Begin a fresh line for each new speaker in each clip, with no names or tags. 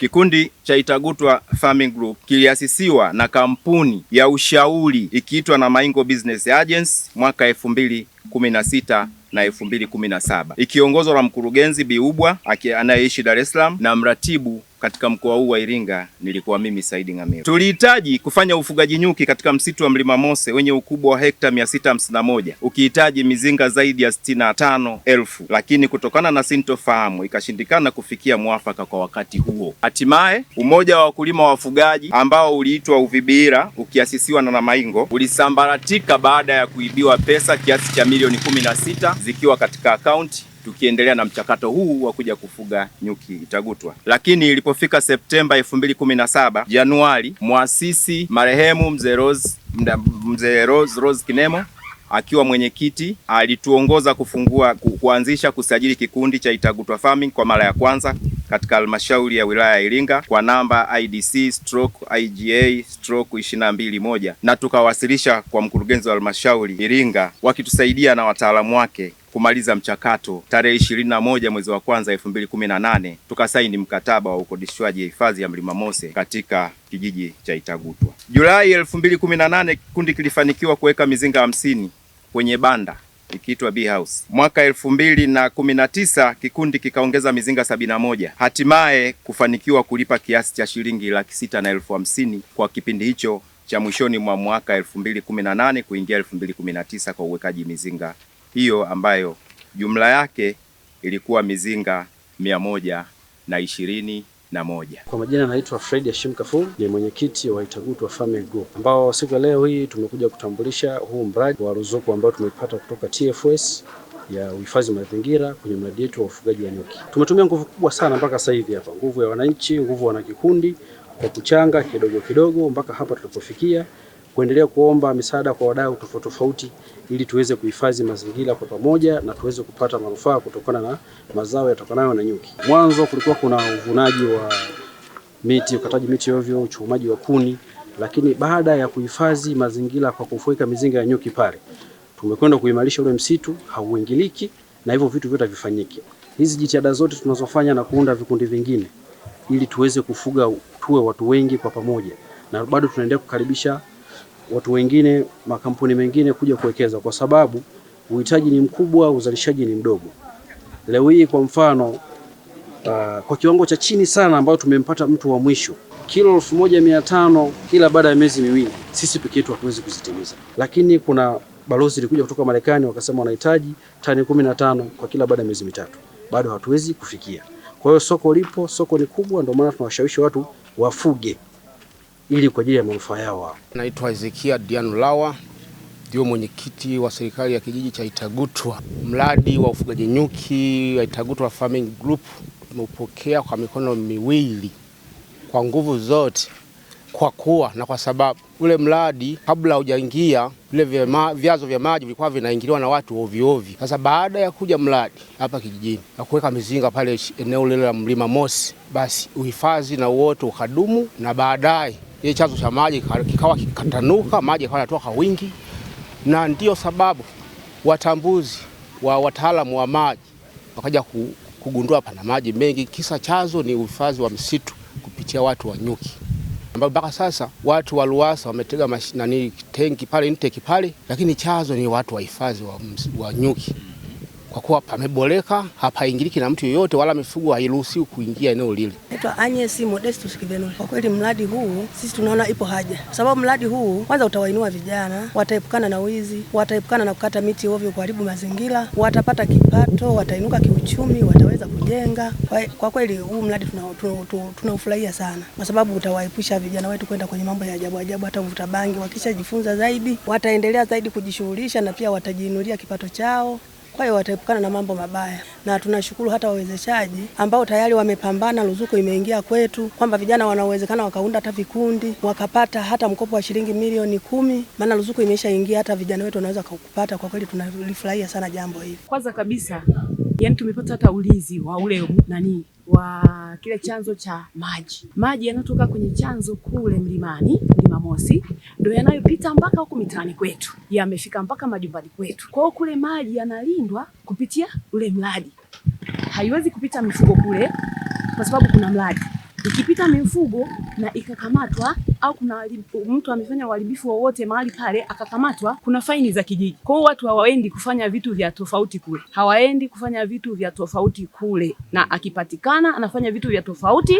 Kikundi cha Itagutwa Farming Group kiliasisiwa na kampuni ya ushauri ikiitwa na Maingo Business Agents mwaka 2016 na 2017 ikiongozwa na mkurugenzi Biubwa anayeishi Dar es Salaam na mratibu katika mkoa huu wa Iringa nilikuwa mimi Saidi Ngamiro. Tulihitaji kufanya ufugaji nyuki katika msitu wa Mlima Mose wenye ukubwa wa hekta 651 ukihitaji mizinga zaidi ya 65,000, lakini kutokana na sintofahamu ikashindikana kufikia mwafaka kwa wakati huo. Hatimaye umoja wa wakulima wa wafugaji ambao uliitwa Uvibira ukiasisiwa na Namaingo ulisambaratika baada ya kuibiwa pesa kiasi cha milioni 16 zikiwa katika akaunti tukiendelea na mchakato huu wa kuja kufuga nyuki Itagutwa. Lakini ilipofika Septemba 2017 Januari, mwasisi marehemu mzee Rose, mzee Rose, Rose Kinemo akiwa mwenyekiti alituongoza kufungua kuanzisha kusajili kikundi cha Itagutwa Farming kwa mara ya kwanza katika halmashauri ya wilaya ya Iringa kwa namba IDC stroke IGA stroke moja na tukawasilisha kwa mkurugenzi wa halmashauri Iringa wakitusaidia na wataalamu wake kumaliza mchakato tarehe ishirini na moja mwezi wa kwanza elfu mbili kumi na nane tukasaini mkataba wa ukodishwaji hifadhi ya Mlima Mose katika kijiji cha Itagutwa. Julai elfu mbili kumi na nane kikundi kilifanikiwa kuweka mizinga hamsini kwenye banda ikiitwa Bee House. Mwaka elfu mbili na kumi na tisa kikundi kikaongeza mizinga sabini na moja hatimaye kufanikiwa kulipa kiasi cha shilingi laki sita na elfu hamsini kwa kipindi hicho cha mwishoni mwa mwaka 2018 kuingia 2019 kwa uwekaji mizinga hiyo ambayo jumla yake ilikuwa mizinga mia moja na ishirini na moja.
Kwa majina naitwa Fred Hashim Kafu, ni mwenyekiti wa Itagutwa Family Group, ambao siku ya leo hii tumekuja kutambulisha huu mradi wa ruzuku ambao tumeipata kutoka TFS ya uhifadhi mazingira kwenye mradi wetu wa ufugaji wa nyuki. Tumetumia nguvu kubwa sana mpaka sasa hivi hapa, nguvu ya wananchi, nguvu ya wanakikundi, kwa kuchanga kidogo kidogo mpaka hapa tulipofikia kuendelea kuomba misaada kwa wadau tofauti tofauti ili tuweze kuhifadhi mazingira kwa pamoja na tuweze kupata manufaa kutokana na mazao yatokanayo na nyuki. Mwanzo kulikuwa kuna uvunaji wa miti, ukataji miti ovyo, uchumaji wa kuni, lakini baada ya kuhifadhi mazingira kwa kufuika mizinga ya nyuki pale, tumekwenda kuimarisha ule msitu, hauingiliki na hivyo vitu vyote vifanyike. Hizi jitihada zote tunazofanya na kuunda vikundi vingine ili tuweze kufuga tuwe watu wengi kwa pamoja, na bado tunaendelea kukaribisha watu wengine, makampuni mengine kuja kuwekeza, kwa sababu uhitaji ni mkubwa, uzalishaji ni mdogo. Leo hii kwa mfano uh, kwa kiwango cha chini sana ambayo tumempata mtu wa mwisho kilo elfu moja mia tano kila baada ya miezi miwili, sisi peke yetu hatuwezi kuzitimiza, lakini kuna balozi ilikuja kutoka Marekani wakasema wanahitaji tani kumi na tano kwa kila baada ya miezi mitatu, bado hatuwezi kufikia. Kwa hiyo soko lipo, soko ni kubwa, ndio maana tunawashawishi watu wafuge ili kwa ajili ya manufaa yao wao.
Naitwa Ezekia Dianu Lawa, ndio mwenyekiti wa serikali ya kijiji cha Itagutwa. Mradi wa ufugaji nyuki wa Itagutwa Farming Group tumeupokea kwa mikono miwili kwa nguvu zote, kwa kuwa na kwa sababu ule mradi kabla hujaingia vile vyazo vya maji vilikuwa vinaingiliwa na watu ovyo ovyo. Sasa baada ya kuja mradi hapa kijijini na kuweka mizinga pale eneo lile la mlima Mosi, basi uhifadhi na uoto ukadumu na baadaye ile chanzo cha maji kikawa kikatanuka, maji yakawa yanatoka wingi, na ndiyo sababu watambuzi wa wataalamu wa maji wakaja kugundua pana maji mengi. Kisa chanzo ni uhifadhi wa msitu kupitia watu wa nyuki, ambapo mpaka sasa watu wa Luwasa wametega mashinani tenki pale intake pale, lakini chanzo ni watu wa hifadhi wa, wa nyuki kwa kuwa pameboreka, hapaingiliki na mtu yoyote, wala mifugo hairuhusiwi kuingia eneo lile.
Naitwa Agnes Modestus Kibenole. Kwa kweli mradi huu sisi tunaona ipo haja, kwa sababu mradi huu kwanza utawainua vijana, wataepukana na wizi, wataepukana na kukata miti ovyo, kuharibu mazingira, watapata kipato, watainuka kiuchumi, wataweza kujenga. Kwa kweli huu mradi tunaufurahia sana, kwa sababu utawaepusha vijana wetu kwenda kwenye mambo ya ajabu ajabu, hata uvuta bangi. Wakishajifunza zaidi, wataendelea zaidi kujishughulisha na pia watajiinulia kipato chao pale wataepukana na mambo mabaya, na tunashukuru hata wawezeshaji ambao tayari wamepambana, ruzuku imeingia kwetu, kwamba vijana wanawezekana wakaunda hata vikundi wakapata hata mkopo wa shilingi milioni kumi, maana ruzuku imeshaingia, hata vijana wetu wanaweza kupata. Kwa kweli tunalifurahia sana jambo hili.
Kwanza kabisa yani tumepata hata ulinzi wa ule nani wa kile chanzo cha maji. Maji yanatoka kwenye chanzo kule mlimani, Mlima Mosi, ndio yanayopita mpaka huku mitaani kwetu, yamefika mpaka majumbani kwetu. Kwa hiyo kule maji yanalindwa kupitia ule mradi, haiwezi kupita mifugo kule kwa sababu kuna mradi ikipita mifugo na ikakamatwa au kuna mtu amefanya uharibifu wowote mahali pale akakamatwa, kuna faini za kijiji. Kwa hiyo watu hawaendi kufanya vitu vya tofauti kule, hawaendi kufanya vitu vya tofauti kule, na akipatikana anafanya vitu vya tofauti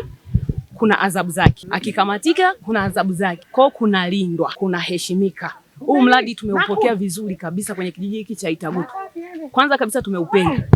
kuna adhabu zake, akikamatika kuna adhabu zake. Kwao kunalindwa, kunaheshimika. Huu mradi tumeupokea vizuri kabisa kwenye kijiji hiki cha Itagutu. Kwanza kabisa tumeupenda,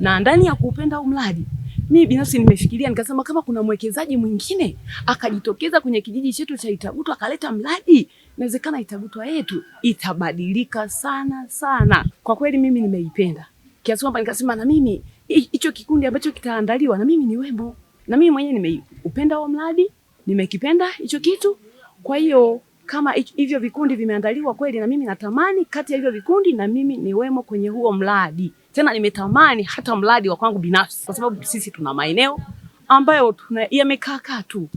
na ndani ya kuupenda huu mradi mi binafsi nimefikiria nikasema, kama kuna mwekezaji mwingine akajitokeza kwenye kijiji chetu cha itagutwa akaleta mradi, inawezekana itagutwa yetu itabadilika sana sana. Kwa kweli mimi nimeipenda kiasi kwamba nikasema na mimi hicho kikundi ambacho kitaandaliwa na mimi niwemo, na mimi mwenyewe nimeupenda huo mradi, nimekipenda hicho kitu. Kwa hiyo kama hivyo vikundi vimeandaliwa kweli, na mimi natamani kati ya hivyo vikundi na mimi niwemo kwenye huo mradi. Tena nimetamani hata mradi wa kwangu binafsi, kwa sababu sisi tuna maeneo ambayo tuna yamekaa tu